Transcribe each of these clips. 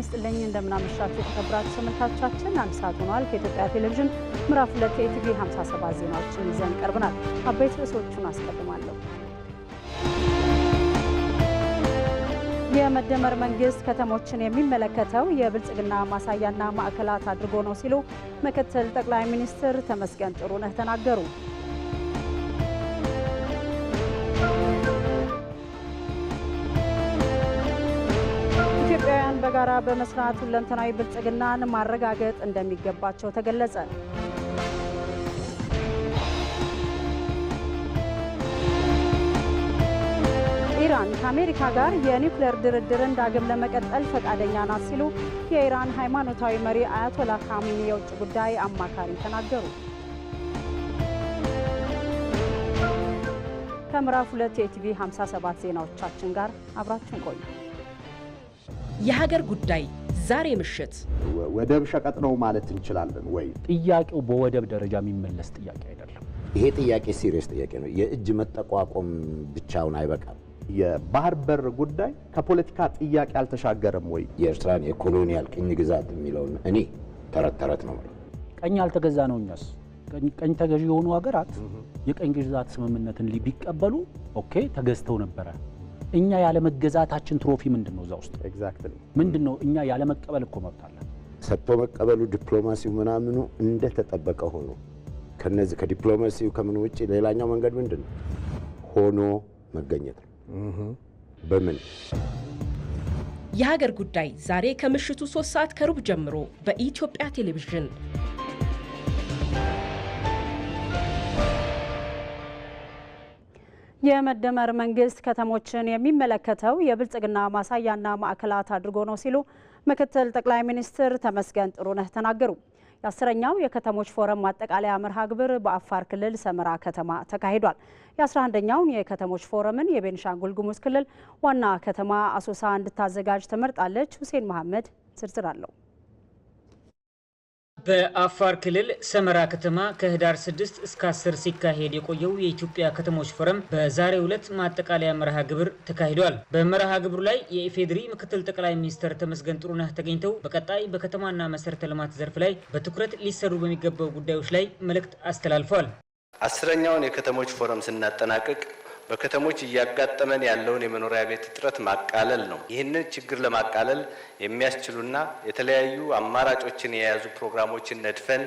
ይስጥልኝ እንደምናመሻችሁ የተከበራችሁ ተመልካቾቻችን፣ አንድ ሰዓት ሆኗል። ከኢትዮጵያ ቴሌቪዥን ምዕራፍ ሁለት የኢቲቪ 57 ዜናዎችን ይዘን ቀርበናል። አበይት ርዕሶቹን አስቀድማለሁ። የመደመር መንግስት ከተሞችን የሚመለከተው የብልጽግና ማሳያና ማዕከላት አድርጎ ነው ሲሉ ምክትል ጠቅላይ ሚኒስትር ተመስገን ጥሩነህ ተናገሩ። ሥራዎችን በጋራ በመስራት ሁለንተናዊ ብልጽግናን ማረጋገጥ እንደሚገባቸው ተገለጸ። ኢራን ከአሜሪካ ጋር የኒውክሌር ድርድርን ዳግም ለመቀጠል ፈቃደኛ ናት ሲሉ የኢራን ሃይማኖታዊ መሪ አያቶላ ካሚኒ የውጭ ጉዳይ አማካሪ ተናገሩ። ከምዕራፍ ሁለት የኢቲቪ 57 ዜናዎቻችን ጋር አብራችን ቆዩ። የሀገር ጉዳይ ዛሬ ምሽት ወደብ ሸቀጥ ነው ማለት እንችላለን ወይ? ጥያቄው በወደብ ደረጃ የሚመለስ ጥያቄ አይደለም። ይሄ ጥያቄ ሲሪየስ ጥያቄ ነው። የእጅ መጠቋቆም ብቻውን አይበቃም። የባህር በር ጉዳይ ከፖለቲካ ጥያቄ አልተሻገረም ወይ? የኤርትራን የኮሎኒያል ቅኝ ግዛት የሚለውን እኔ ተረት ተረት ነው ቀኝ አልተገዛ ነው። እኛስ ቀኝ ተገዢ የሆኑ ሀገራት የቀኝ ግዛት ስምምነትን ቢቀበሉ ኦኬ ተገዝተው ነበረ። እኛ ያለመገዛታችን ትሮፊ ምንድን ነው? እዛ ውስጥ ምንድን ነው? እኛ ያለመቀበል እኮ መብት አለ። ሰጥቶ መቀበሉ ዲፕሎማሲው ምናምኑ እንደተጠበቀ ሆኖ ከነዚህ ከዲፕሎማሲው ከምን ውጭ ሌላኛው መንገድ ምንድን ነው? ሆኖ መገኘት ነው። በምን የሀገር ጉዳይ ዛሬ ከምሽቱ ሶስት ሰዓት ከሩብ ጀምሮ በኢትዮጵያ ቴሌቪዥን የመደመር መንግስት ከተሞችን የሚመለከተው የብልጽግና ማሳያና ማዕከላት አድርጎ ነው ሲሉ ምክትል ጠቅላይ ሚኒስትር ተመስገን ጥሩነህ ተናገሩ። የአስረኛው የከተሞች ፎረም ማጠቃለያ መርሃ ግብር በአፋር ክልል ሰመራ ከተማ ተካሂዷል። የ11ኛውን የከተሞች ፎረምን የቤንሻንጉል ጉሙዝ ክልል ዋና ከተማ አሶሳ እንድታዘጋጅ ተመርጣለች። ሁሴን መሐመድ ዝርዝር አለው። በአፋር ክልል ሰመራ ከተማ ከህዳር 6 እስከ 10 ሲካሄድ የቆየው የኢትዮጵያ ከተሞች ፎረም በዛሬው ዕለት ማጠቃለያ መርሃ ግብር ተካሂዷል። በመርሃ ግብሩ ላይ የኢፌዴሪ ምክትል ጠቅላይ ሚኒስትር ተመስገን ጥሩነህ ተገኝተው በቀጣይ በከተማና መሰረተ ልማት ዘርፍ ላይ በትኩረት ሊሰሩ በሚገባው ጉዳዮች ላይ መልእክት አስተላልፈዋል። አስረኛውን የከተሞች ፎረም ስናጠናቅቅ በከተሞች እያጋጠመን ያለውን የመኖሪያ ቤት እጥረት ማቃለል ነው። ይህንን ችግር ለማቃለል የሚያስችሉና የተለያዩ አማራጮችን የያዙ ፕሮግራሞችን ነድፈን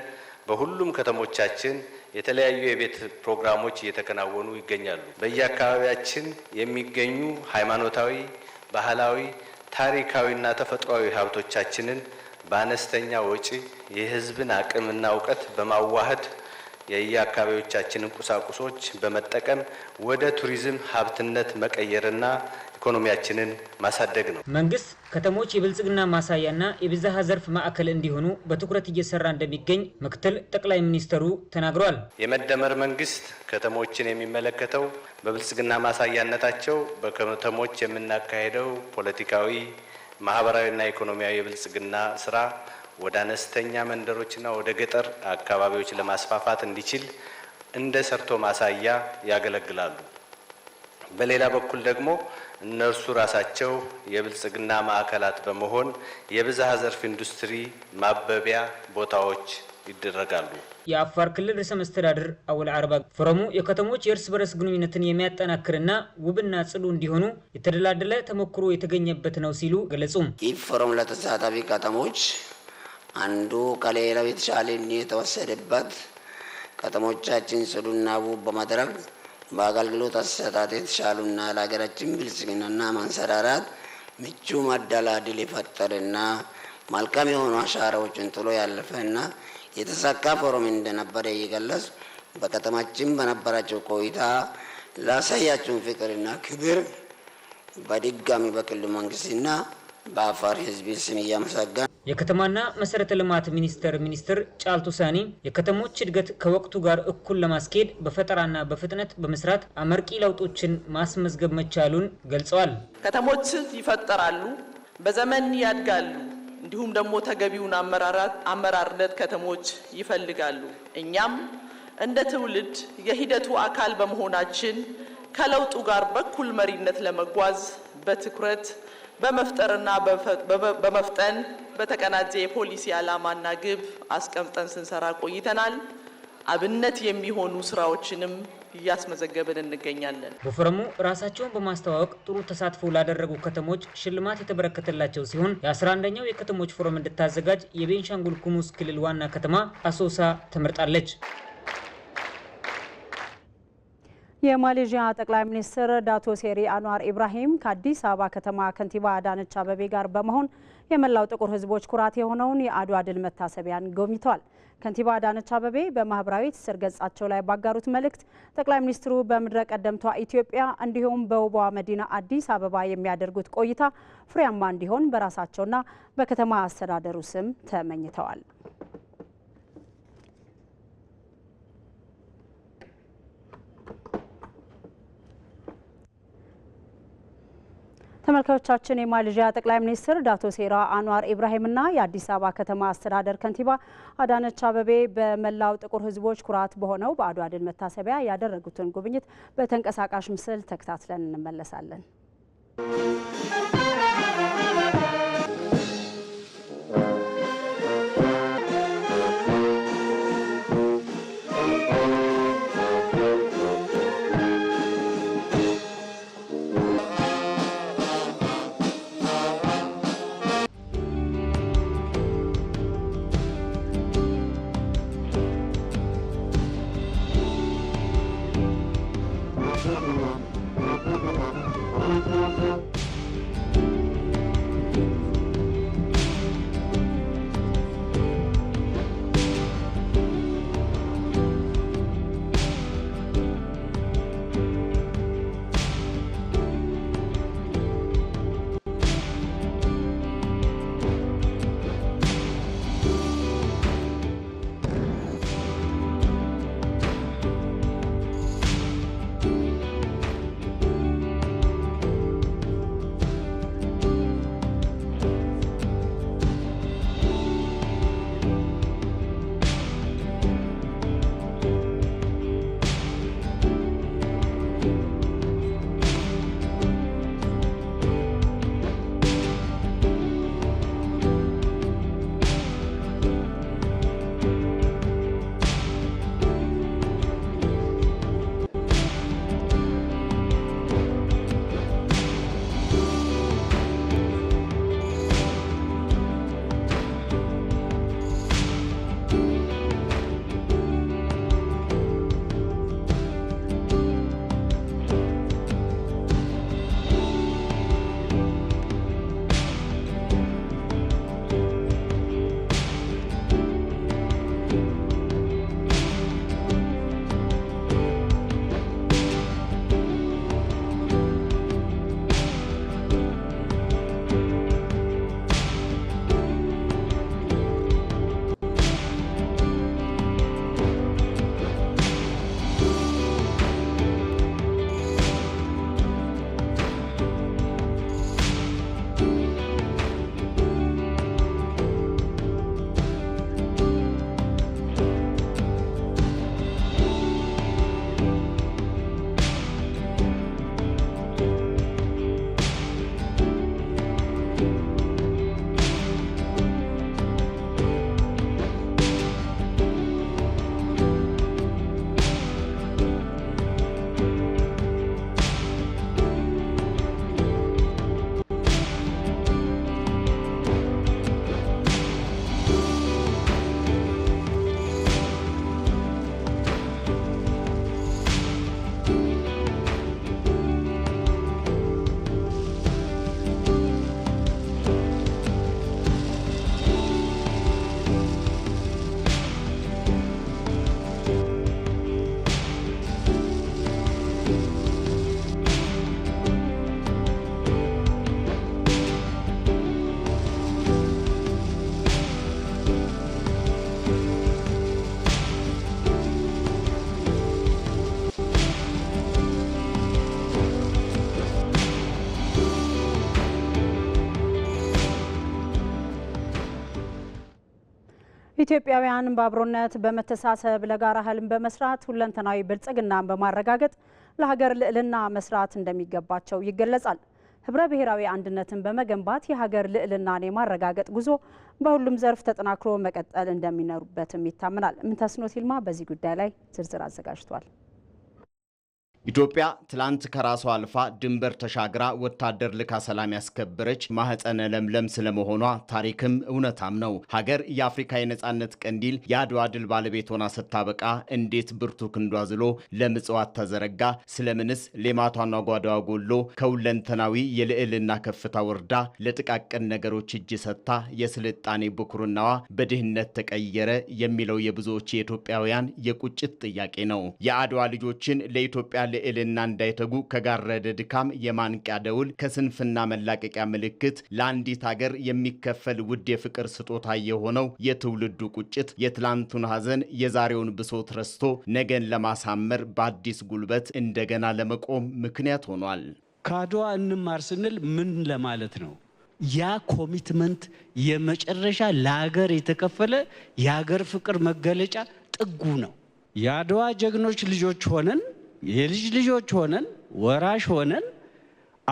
በሁሉም ከተሞቻችን የተለያዩ የቤት ፕሮግራሞች እየተከናወኑ ይገኛሉ። በየአካባቢያችን የሚገኙ ሃይማኖታዊ፣ ባህላዊ፣ ታሪካዊና ተፈጥሯዊ ሀብቶቻችንን በአነስተኛ ወጪ የህዝብን አቅምና እውቀት በማዋሃድ የየአካባቢዎቻችንን ቁሳቁሶች በመጠቀም ወደ ቱሪዝም ሀብትነት መቀየርና ኢኮኖሚያችንን ማሳደግ ነው። መንግስት ከተሞች የብልጽግና ማሳያና የብዝሃ ዘርፍ ማዕከል እንዲሆኑ በትኩረት እየሰራ እንደሚገኝ ምክትል ጠቅላይ ሚኒስተሩ ተናግሯል። የመደመር መንግስት ከተሞችን የሚመለከተው በብልጽግና ማሳያነታቸው በከተሞች የምናካሄደው ፖለቲካዊ፣ ማህበራዊና ኢኮኖሚያዊ የብልጽግና ስራ ወደ አነስተኛ መንደሮችና ወደ ገጠር አካባቢዎች ለማስፋፋት እንዲችል እንደ ሰርቶ ማሳያ ያገለግላሉ። በሌላ በኩል ደግሞ እነርሱ ራሳቸው የብልጽግና ማዕከላት በመሆን የብዝሃ ዘርፍ ኢንዱስትሪ ማበቢያ ቦታዎች ይደረጋሉ። የአፋር ክልል ርዕሰ መስተዳድር አወል አርባ ፎረሙ የከተሞች የእርስ በርስ ግንኙነትን የሚያጠናክርና ውብና ጽሉ እንዲሆኑ የተደላደለ ተሞክሮ የተገኘበት ነው ሲሉ ገለጹም። ይህ ፎረም ለተሳታፊ ከተሞች አንዱ ከሌላው የተሻለ የተወሰደበት ከተሞቻችን ጽዱና ውብ በማድረግ በአገልግሎት አሰጣጥ የተሻሉና ለሀገራችን ብልጽግናና ማንሰራራት ምቹ መደላድል የፈጠረና መልካም የሆኑ አሻራዎችን ጥሎ ያለፈና የተሳካ ፎረም እንደነበረ እየገለጽ በከተማችን በነበራቸው ቆይታ ላሳያችሁን ፍቅርና ክብር በድጋሚ በክልሉ መንግስትና በአፋር ህዝብ ስም እያመሰገን የከተማና መሰረተ ልማት ሚኒስቴር ሚኒስትር ጫልቱ ሳኒ የከተሞች እድገት ከወቅቱ ጋር እኩል ለማስኬድ በፈጠራና በፍጥነት በመስራት አመርቂ ለውጦችን ማስመዝገብ መቻሉን ገልጸዋል። ከተሞች ይፈጠራሉ፣ በዘመን ያድጋሉ፣ እንዲሁም ደግሞ ተገቢውን አመራርነት ከተሞች ይፈልጋሉ። እኛም እንደ ትውልድ የሂደቱ አካል በመሆናችን ከለውጡ ጋር በኩል መሪነት ለመጓዝ በትኩረት በመፍጠርና በመፍጠን በተቀናጀ የፖሊሲ ዓላማና ግብ አስቀምጠን ስንሰራ ቆይተናል። አብነት የሚሆኑ ስራዎችንም እያስመዘገብን እንገኛለን። በፎረሙ ራሳቸውን በማስተዋወቅ ጥሩ ተሳትፎ ላደረጉ ከተሞች ሽልማት የተበረከተላቸው ሲሆን የ11ኛው የከተሞች ፎረም እንድታዘጋጅ የቤንሻንጉል ጉሙዝ ክልል ዋና ከተማ አሶሳ ተመርጣለች። የማሌዥያ ጠቅላይ ሚኒስትር ዳቶ ሴሪ አንዋር ኢብራሂም ከአዲስ አበባ ከተማ ከንቲባ አዳነች አበቤ ጋር በመሆን የመላው ጥቁር ሕዝቦች ኩራት የሆነውን የአድዋ ድል መታሰቢያን ጎብኝተዋል። ከንቲባ አዳነች አበቤ በማህበራዊ ትስስር ገጻቸው ላይ ባጋሩት መልእክት ጠቅላይ ሚኒስትሩ በምድረ ቀደምቷ ኢትዮጵያ እንዲሁም በውቧ መዲና አዲስ አበባ የሚያደርጉት ቆይታ ፍሬያማ እንዲሆን በራሳቸውና በከተማ አስተዳደሩ ስም ተመኝተዋል። ተመልካዮቻችን የማሌዥያ ጠቅላይ ሚኒስትር ዳቶ ሴራ አንዋር ኢብራሂምና የአዲስ አበባ ከተማ አስተዳደር ከንቲባ አዳነች አበቤ በመላው ጥቁር ሕዝቦች ኩራት በሆነው በአድዋ ድል መታሰቢያ ያደረጉትን ጉብኝት በተንቀሳቃሽ ምስል ተከታትለን እንመለሳለን። ኢትዮጵያውያን በአብሮነት በመተሳሰብ ለጋራ ህልም በመስራት ሁለንተናዊ ብልጽግናን በማረጋገጥ ለሀገር ልዕልና መስራት እንደሚገባቸው ይገለጻል። ህብረ ብሔራዊ አንድነትን በመገንባት የሀገር ልዕልናን የማረጋገጥ ጉዞ በሁሉም ዘርፍ ተጠናክሮ መቀጠል እንደሚኖሩበትም ይታመናል። ምንተስኖት ይልማ በዚህ ጉዳይ ላይ ዝርዝር አዘጋጅቷል። ኢትዮጵያ ትላንት ከራሷ አልፋ ድንበር ተሻግራ ወታደር ልካ ሰላም ያስከበረች ማህፀነ ለምለም ስለመሆኗ ታሪክም እውነታም ነው። ሀገር የአፍሪካ የነፃነት ቀንዲል የአድዋ ድል ባለቤት ሆና ስታበቃ እንዴት ብርቱ ክንዷ ዝሎ ለምጽዋት ተዘረጋ፣ ስለምንስ ሌማቷና ጓዳዋ ጎሎ ከሁለንተናዊ የልዕልና ከፍታ ወርዳ ለጥቃቅን ነገሮች እጅ ሰጥታ የስልጣኔ ብኩርናዋ በድህነት ተቀየረ የሚለው የብዙዎች የኢትዮጵያውያን የቁጭት ጥያቄ ነው። የአድዋ ልጆችን ለኢትዮጵያ ልዕልና እንዳይተጉ ከጋረደ ድካም የማንቂያ ደውል ከስንፍና መላቀቂያ ምልክት ለአንዲት ሀገር የሚከፈል ውድ የፍቅር ስጦታ የሆነው የትውልዱ ቁጭት የትላንቱን ሐዘን የዛሬውን ብሶት ረስቶ ነገን ለማሳመር በአዲስ ጉልበት እንደገና ለመቆም ምክንያት ሆኗል። ከአድዋ እንማር ስንል ምን ለማለት ነው? ያ ኮሚትመንት የመጨረሻ ለሀገር የተከፈለ የሀገር ፍቅር መገለጫ ጥጉ ነው። የአድዋ ጀግኖች ልጆች ሆነን የልጅ ልጆች ሆነን ወራሽ ሆነን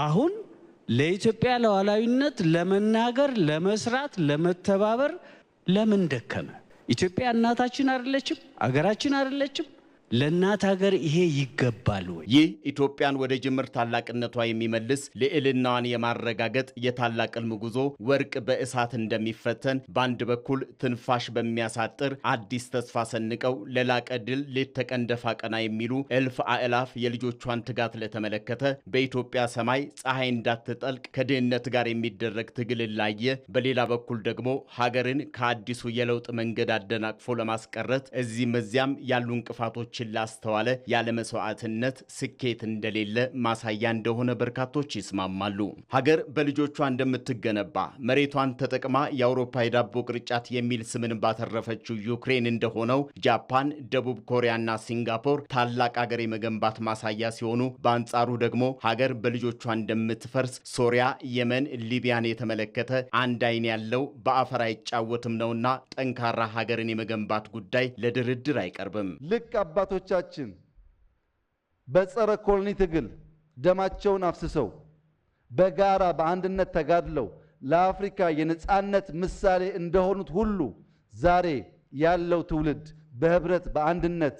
አሁን ለኢትዮጵያ ለዋላዊነት ለመናገር፣ ለመስራት፣ ለመተባበር ለምን ደከመ? ኢትዮጵያ እናታችን አይደለችም? አገራችን አይደለችም? ለእናት ሀገር ይሄ ይገባል ወይ? ይህ ኢትዮጵያን ወደ ጅምር ታላቅነቷ የሚመልስ ልዕልናዋን የማረጋገጥ የታላቅ ህልም ጉዞ ወርቅ በእሳት እንደሚፈተን በአንድ በኩል ትንፋሽ በሚያሳጥር አዲስ ተስፋ ሰንቀው ለላቀ ድል ሌት ተቀን ደፋ ቀና የሚሉ እልፍ አእላፍ የልጆቿን ትጋት ለተመለከተ በኢትዮጵያ ሰማይ ፀሐይ እንዳትጠልቅ ከድህነት ጋር የሚደረግ ትግል ላየ፣ በሌላ በኩል ደግሞ ሀገርን ከአዲሱ የለውጥ መንገድ አደናቅፎ ለማስቀረት እዚህም እዚያም ያሉ እንቅፋቶች ችግሮችን ላስተዋለ ያለ መስዋዕትነት ስኬት እንደሌለ ማሳያ እንደሆነ በርካቶች ይስማማሉ። ሀገር በልጆቿ እንደምትገነባ መሬቷን ተጠቅማ የአውሮፓ የዳቦ ቅርጫት የሚል ስምን ባተረፈችው ዩክሬን እንደሆነው ጃፓን፣ ደቡብ ኮሪያና ሲንጋፖር ታላቅ ሀገር የመገንባት ማሳያ ሲሆኑ፣ በአንጻሩ ደግሞ ሀገር በልጆቿ እንደምትፈርስ ሶሪያ፣ የመን፣ ሊቢያን የተመለከተ አንድ አይን ያለው በአፈር አይጫወትም ነውና ጠንካራ ሀገርን የመገንባት ጉዳይ ለድርድር አይቀርብም። ልክ አባት አባቶቻችን በጸረ ኮሎኒ ትግል ደማቸውን አፍስሰው በጋራ በአንድነት ተጋድለው ለአፍሪካ የነጻነት ምሳሌ እንደሆኑት ሁሉ ዛሬ ያለው ትውልድ በህብረት በአንድነት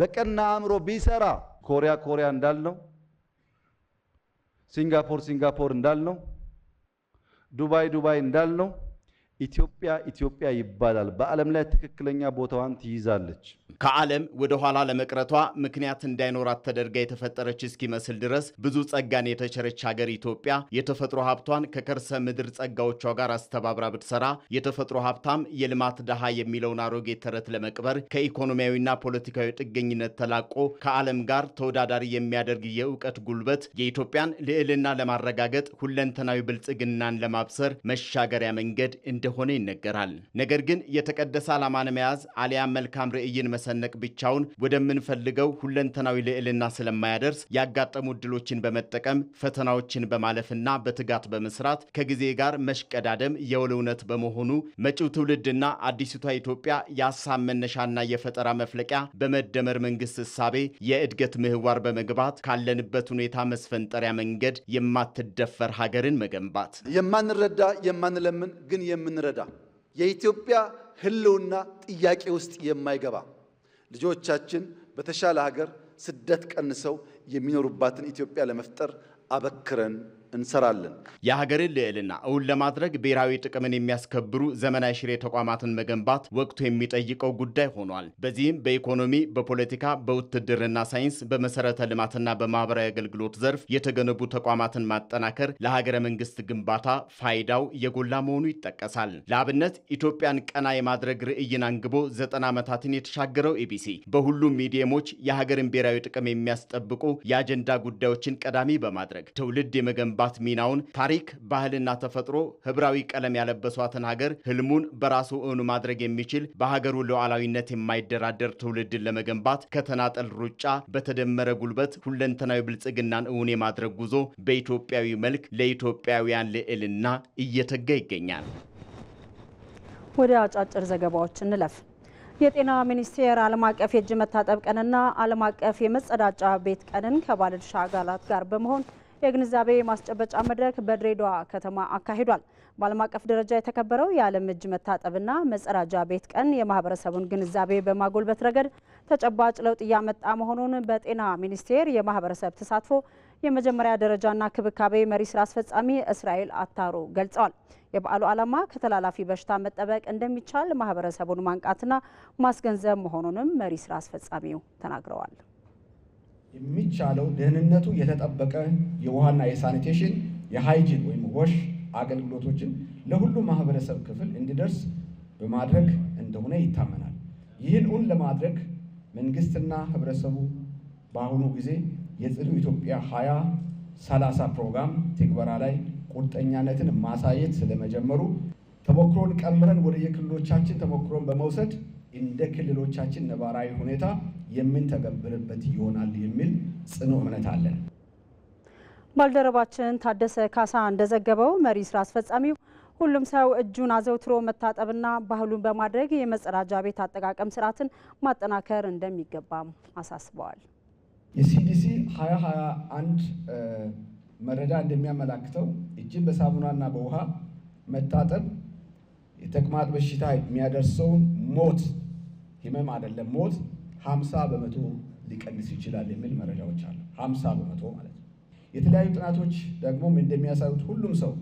በቀና አእምሮ ቢሰራ ኮሪያ ኮሪያ እንዳልነው፣ ሲንጋፖር ሲንጋፖር እንዳልነው፣ ዱባይ ዱባይ እንዳልነው ኢትዮጵያ ኢትዮጵያ ይባላል። በዓለም ላይ ትክክለኛ ቦታዋን ትይዛለች። ከዓለም ወደ ኋላ ለመቅረቷ ምክንያት እንዳይኖራት ተደርጋ የተፈጠረች እስኪመስል ድረስ ብዙ ጸጋን የተቸረች ሀገር ኢትዮጵያ የተፈጥሮ ሀብቷን ከከርሰ ምድር ጸጋዎቿ ጋር አስተባብራ ብትሰራ የተፈጥሮ ሀብታም የልማት ድሃ የሚለውን አሮጌ ተረት ለመቅበር ከኢኮኖሚያዊና ፖለቲካዊ ጥገኝነት ተላቆ ከዓለም ጋር ተወዳዳሪ የሚያደርግ የእውቀት ጉልበት የኢትዮጵያን ልዕልና ለማረጋገጥ ሁለንተናዊ ብልጽግናን ለማብሰር መሻገሪያ መንገድ እንደሆነ ይነገራል። ነገር ግን የተቀደሰ ዓላማን መያዝ አሊያም መልካም ርዕይን መሰነቅ ብቻውን ወደምንፈልገው ሁለንተናዊ ልዕልና ስለማያደርስ ያጋጠሙ እድሎችን በመጠቀም ፈተናዎችን በማለፍና በትጋት በመስራት ከጊዜ ጋር መሽቀዳደም የውል እውነት በመሆኑ መጪው ትውልድና አዲሲቷ ኢትዮጵያ የሀሳብ መነሻና የፈጠራ መፍለቂያ በመደመር መንግስት እሳቤ የእድገት ምህዋር በመግባት ካለንበት ሁኔታ መስፈንጠሪያ መንገድ የማትደፈር ሀገርን መገንባት የማንረዳ የማንለምን ግን የምን የምንረዳ የኢትዮጵያ ሕልውና ጥያቄ ውስጥ የማይገባ ልጆቻችን በተሻለ ሀገር ስደት ቀንሰው የሚኖሩባትን ኢትዮጵያ ለመፍጠር አበክረን እንሰራለን። የሀገርን ልዕልና እውን ለማድረግ ብሔራዊ ጥቅምን የሚያስከብሩ ዘመናዊ ሽሬ ተቋማትን መገንባት ወቅቱ የሚጠይቀው ጉዳይ ሆኗል። በዚህም በኢኮኖሚ፣ በፖለቲካ፣ በውትድርና ሳይንስ፣ በመሰረተ ልማትና በማህበራዊ አገልግሎት ዘርፍ የተገነቡ ተቋማትን ማጠናከር ለሀገረ መንግስት ግንባታ ፋይዳው የጎላ መሆኑ ይጠቀሳል። ለአብነት ኢትዮጵያን ቀና የማድረግ ርዕይን አንግቦ ዘጠና ዓመታትን የተሻገረው ኤቢሲ በሁሉም ሚዲየሞች የሀገርን ብሔራዊ ጥቅም የሚያስጠብቁ የአጀንዳ ጉዳዮችን ቀዳሚ በማድረግ ትውልድ የመገንባት የመገንባት ሚናውን ታሪክ፣ ባህልና ተፈጥሮ ህብራዊ ቀለም ያለበሷትን ሀገር ህልሙን በራሱ እውኑ ማድረግ የሚችል በሀገሩ ሉዓላዊነት የማይደራደር ትውልድን ለመገንባት ከተናጠል ሩጫ በተደመረ ጉልበት ሁለንተናዊ ብልጽግናን እውን የማድረግ ጉዞ በኢትዮጵያዊ መልክ ለኢትዮጵያውያን ልዕልና እየተጋ ይገኛል። ወደ አጫጭር ዘገባዎች እንለፍ። የጤና ሚኒስቴር ዓለም አቀፍ የእጅ መታጠብ ቀንና ዓለም አቀፍ የመጸዳጫ ቤት ቀንን ከባለድርሻ አካላት ጋር በመሆን የግንዛቤ ማስጨበጫ መድረክ በድሬዳዋ ከተማ አካሂዷል። በዓለም አቀፍ ደረጃ የተከበረው የዓለም እጅ መታጠብና መጸዳጃ ቤት ቀን የማህበረሰቡን ግንዛቤ በማጎልበት ረገድ ተጨባጭ ለውጥ እያመጣ መሆኑን በጤና ሚኒስቴር የማህበረሰብ ተሳትፎ የመጀመሪያ ደረጃና ክብካቤ መሪ ስራ አስፈጻሚ እስራኤል አታሮ ገልጸዋል። የበዓሉ ዓላማ ከተላላፊ በሽታ መጠበቅ እንደሚቻል ማህበረሰቡን ማንቃትና ማስገንዘብ መሆኑንም መሪ ስራ አስፈጻሚው ተናግረዋል። የሚቻለው ደህንነቱ የተጠበቀ የውሃና የሳኒቴሽን የሃይጂን ወይም ወሽ አገልግሎቶችን ለሁሉም ማህበረሰብ ክፍል እንዲደርስ በማድረግ እንደሆነ ይታመናል። ይህን እውን ለማድረግ መንግስትና ህብረተሰቡ በአሁኑ ጊዜ የጽዱ ኢትዮጵያ 2030 ፕሮግራም ትግበራ ላይ ቁርጠኛነትን ማሳየት ስለመጀመሩ ተሞክሮን ቀምረን ወደ የክልሎቻችን ተሞክሮን በመውሰድ እንደ ክልሎቻችን ነባራዊ ሁኔታ የምንተገብርበት ይሆናል የሚል ጽኑ እምነት አለን። ባልደረባችን ታደሰ ካሳ እንደዘገበው መሪ ስራ አስፈጻሚው ሁሉም ሰው እጁን አዘውትሮ መታጠብና ባህሉን በማድረግ የመጸዳጃ ቤት አጠቃቀም ስርዓትን ማጠናከር እንደሚገባም አሳስበዋል። የሲዲሲ 2021 መረጃ እንደሚያመላክተው እጅን በሳሙናና በውሃ መታጠብ የተቅማጥ በሽታ የሚያደርሰውን ሞት ህመም አይደለም ሞት 50 በመቶ ሊቀንስ ይችላል የሚል መረጃዎች አሉ። 50 በመቶ ማለት ነው። የተለያዩ ጥናቶች ደግሞ እንደሚያሳዩት ሁሉም ሰው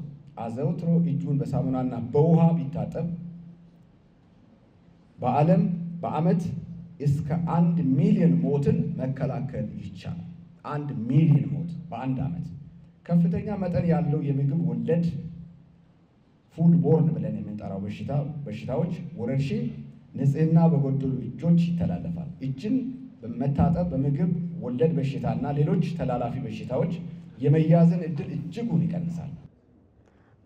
አዘውትሮ እጁን በሳሙናና በውሃ ቢታጠብ በዓለም በዓመት እስከ አንድ ሚሊዮን ሞትን መከላከል ይቻላል። አንድ ሚሊዮን ሞት በአንድ ዓመት ከፍተኛ መጠን ያለው የምግብ ወለድ ፉድ ቦርን ብለን የምንጠራው በሽታዎች ወረርሽኝ ንጽህና በጎደሉ እጆች ይተላለፋል። እጅን በመታጠብ በምግብ ወለድ በሽታና ሌሎች ተላላፊ በሽታዎች የመያዝን እድል እጅጉን ይቀንሳል።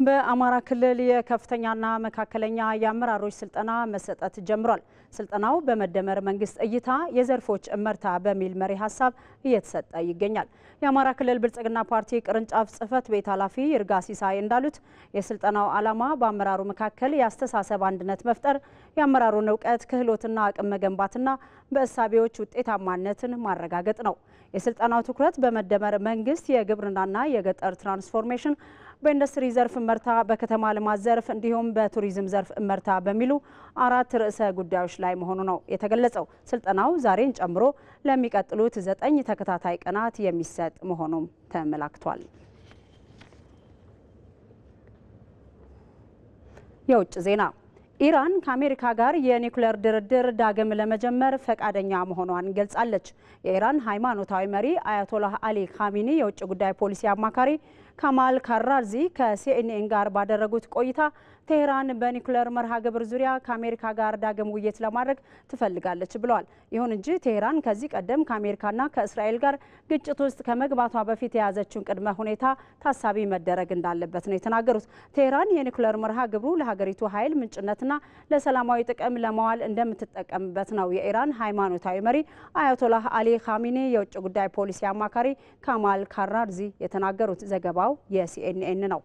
በአማራ ክልል የከፍተኛና መካከለኛ የአመራሮች ስልጠና መሰጠት ጀምሯል። ስልጠናው በመደመር መንግስት እይታ የዘርፎች እመርታ በሚል መሪ ሀሳብ እየተሰጠ ይገኛል። የአማራ ክልል ብልጽግና ፓርቲ ቅርንጫፍ ጽህፈት ቤት ኃላፊ ይርጋ ሲሳይ እንዳሉት የስልጠናው ዓላማ በአመራሩ መካከል የአስተሳሰብ አንድነት መፍጠር፣ የአመራሩን እውቀት ክህሎትና አቅም መገንባትና በእሳቤዎች ውጤታማነትን ማረጋገጥ ነው። የስልጠናው ትኩረት በመደመር መንግስት የግብርናና የገጠር ትራንስፎርሜሽን በኢንዱስትሪ ዘርፍ እመርታ፣ በከተማ ልማት ዘርፍ እንዲሁም በቱሪዝም ዘርፍ እመርታ በሚሉ አራት ርዕሰ ጉዳዮች ላይ መሆኑ ነው የተገለጸው። ስልጠናው ዛሬን ጨምሮ ለሚቀጥሉት ዘጠኝ ተከታታይ ቀናት የሚሰጥ መሆኑም ተመላክቷል። የውጭ ዜና ኢራን ከአሜሪካ ጋር የኒኩሌር ድርድር ዳግም ለመጀመር ፈቃደኛ መሆኗን ገልጻለች። የኢራን ሃይማኖታዊ መሪ አያቶላህ አሊ ካሚኒ የውጭ ጉዳይ ፖሊሲ አማካሪ ከማል ካራርዚ ከሲኤንኤን ጋር ባደረጉት ቆይታ ቴህራን በኒኩለር መርሃ ግብር ዙሪያ ከአሜሪካ ጋር ዳግም ውይይት ለማድረግ ትፈልጋለች ብለዋል። ይሁን እንጂ ቴህራን ከዚህ ቀደም ከአሜሪካና ከእስራኤል ጋር ግጭት ውስጥ ከመግባቷ በፊት የያዘችውን ቅድመ ሁኔታ ታሳቢ መደረግ እንዳለበት ነው የተናገሩት። ቴህራን የኒኩለር መርሃ ግብሩ ለሀገሪቱ ኃይል ምንጭነትና ለሰላማዊ ጥቅም ለማዋል እንደምትጠቀምበት ነው የኢራን ሃይማኖታዊ መሪ አያቶላህ አሊ ካሚኔ የውጭ ጉዳይ ፖሊሲ አማካሪ ካማል ካራርዚ የተናገሩት። ዘገባው የሲኤንኤን ነው።